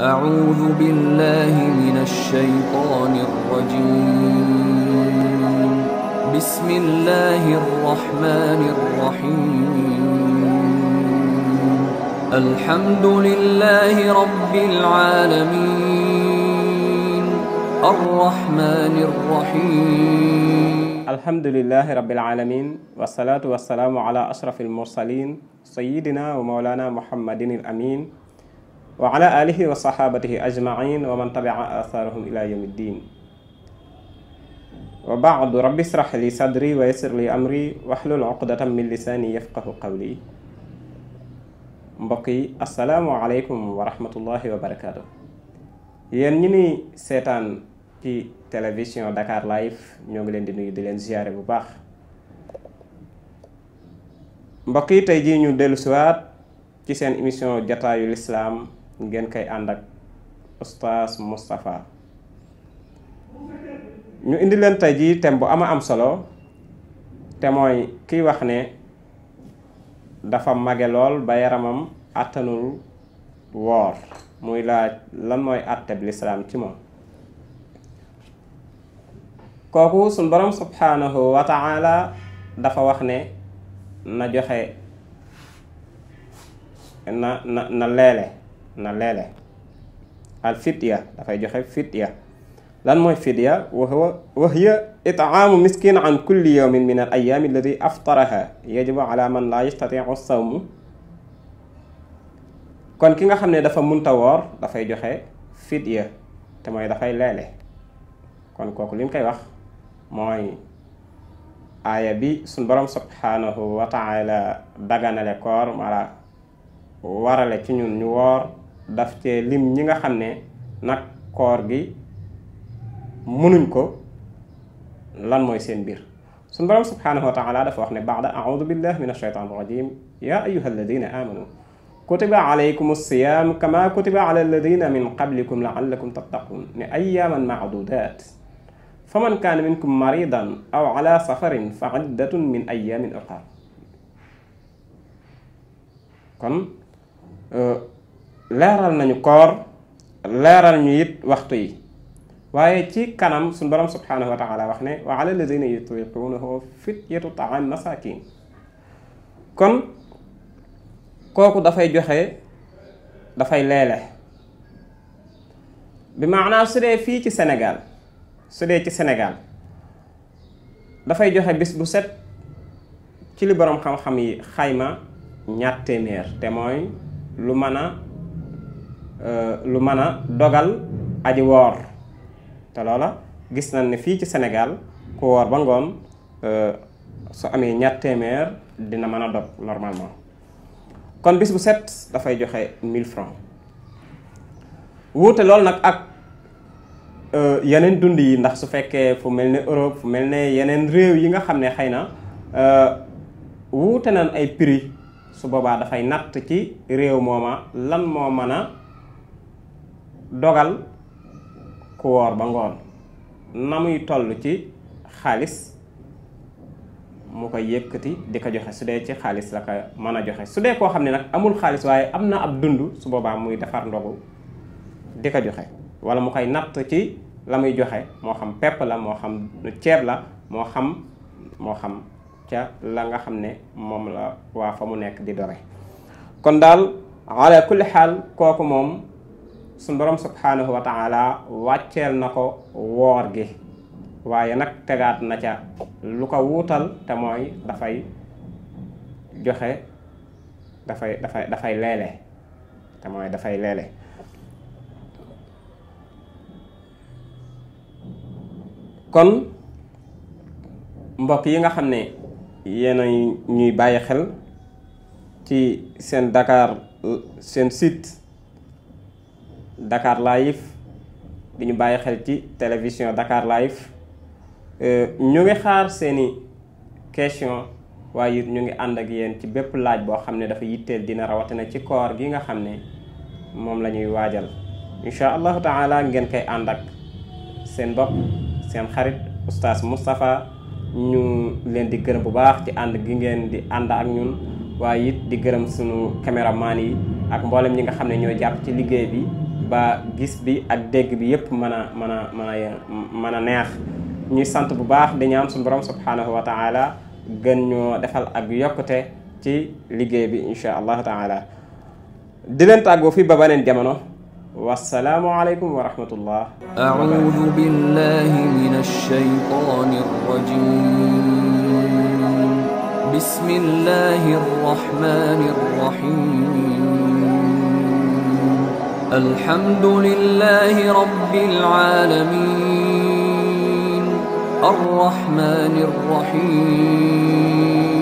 أعوذ بالله من الشيطان الرجيم بسم الله الرحمن الرحيم الحمد لله رب العالمين الرحمن الرحيم الحمد لله رب العالمين والصلاة والسلام على أشرف المرسلين سيدنا ومولانا محمد الأمين wa ala alihi wa sahabatihi ajmain wa man tabia atharahum ila yawmi ddin wa baadu rabbi israh li sadri wa yassir li amri wahlul uqdatan min lisani yafqahu qawli mbokk yi asalaamu aleykum wa rahmatullahi wa barakaatu yéen ñi ni seetaan ci télévision Dakar live ñoo ngi leen di nuyu di leen ziyaare bu baax mbokk yi tey jii ñu dellusiwaat ci seen émission jataayu lislaam ngeen koy ànd ak oustaz Moustapha ñu indi leen tey jii thème bu ama am solo te mooy kiy wax ne dafa mage lool ba yaramam àttanul woor muy laaj lan mooy àtteb lislaam ci moom kooku suñ borom subhanahu wa dafa wax ne na joxe na na na leele na leele al fidya dafay joxe fidya lan mooy fidya wa hiya itaamu miskin an kulli yawmin min al ayaami alladi aftaraha yajibu ala man laa yastatiu sawmu kon ki nga xam ne dafa munta woor dafay joxe fidya te mooy dafay leele kon kooku li koy wax mooy aaya bi suñ borom subhanahu wa taala daganale koor warale ci ñu ñu woor daf cee lim ñi nga xam ne nag koor gi mënuñ ko lan mooy seen mbir suñu borom subhanahu wa taala dafa wax ne baada audu billah min ashaytan rajim ya ayuha alladina amanu kutiba alaykum alsiyam kama kutiba ala alladina min qablikum laallakum tattaqun ne ayaman maadudat faman kaana minkum maridan aw ala safarin fa iddatun min ayamin uxar kon euh, leeral nañu koor leeral ñu it waxtu yi waaye ci kanam suñu borom subhaanahu wa wax ne wa ala alladina yutiquunahu fityatu taam masakin kon kooku dafay joxe dafay leele bi maanaam su dee fii ci senegal su dee ci senegal dafay joxe bis bu set ci li borom xam-xam yi xayma ñaar téeméer te mooy lu mën a Euh, lu mën a dogal aji woor te loola gis nañ ne fii ci senegal ku woor ba ngoon euh, su amee ñaar dina mën a dog normalement kon bis bu set dafay joxe 1000 francs wuute loolu nag ak euh, yeneen dund yi ndax su fekkee fu mel ni Europe fu mel ne yeneen réew yi nga xam ne xëy na wuute nañ ay prix su boobaa dafay natt ci réew mooma lan moo mën a dogal ku woor ba ngoon na muy toll ci xaalis mu koy yëkkati di ko joxe su dee ci xaalis la ko mën a joxe su dee koo xam ne nag amul xaalis waaye am na ab dund su boobaa muy defar ndogu di ko joxe wala mu koy natt ci la muy joxe moo xam pepp la moo xam ceeb la moo xam moo xam ca la nga xam ne moom la waa fa mu nekk di dore kon daal ala kulli xaal kooku moom suñ borom subhaanahu wa wàcceel na ko woor gi waaye nag tegaat na ca lu ko wuutal te mooy dafay joxe dafay dafay dafay leele te mooy dafay leele kon mbokk yi nga xam ne yéen ñuy bàyyi xel ci seen Dakar seen sit Dakar Live di ñu bàyyi xel ci télévision Dakar Live euh, ñu ngi xaar seeni question waaye it ñu ngi ànd ak yéen ci bépp laaj boo xam ne dafa yitteel dina rawatina ci koor gi nga xam ne moom la ñuy waajal incha allahu taala ngeen koy ànd ak seen bopp seen xarit oustaz Moustapha ñu leen di gërëm bu baax ci ànd gi ngeen di ànd ak ñun waaye it di gërëm sunu caméraman yi ak mboolem ñi nga xam ne ñoo jàpp ci liggéey bi ba gis bi ak dégg bi yépp mën mën a mën a neex ñuy sant bu baax di ñaan suñu borom subhanahu wa taala gën ñoo defal ak yokkute ci liggéey bi insha allahu taala di leen tàggoo fii ba beneen jamono wasalaamu aleykum wa rahmatullah audu billahi min alshaytani arrajim bismillahi الحمد لله رب العالمين الرحمن الرحيم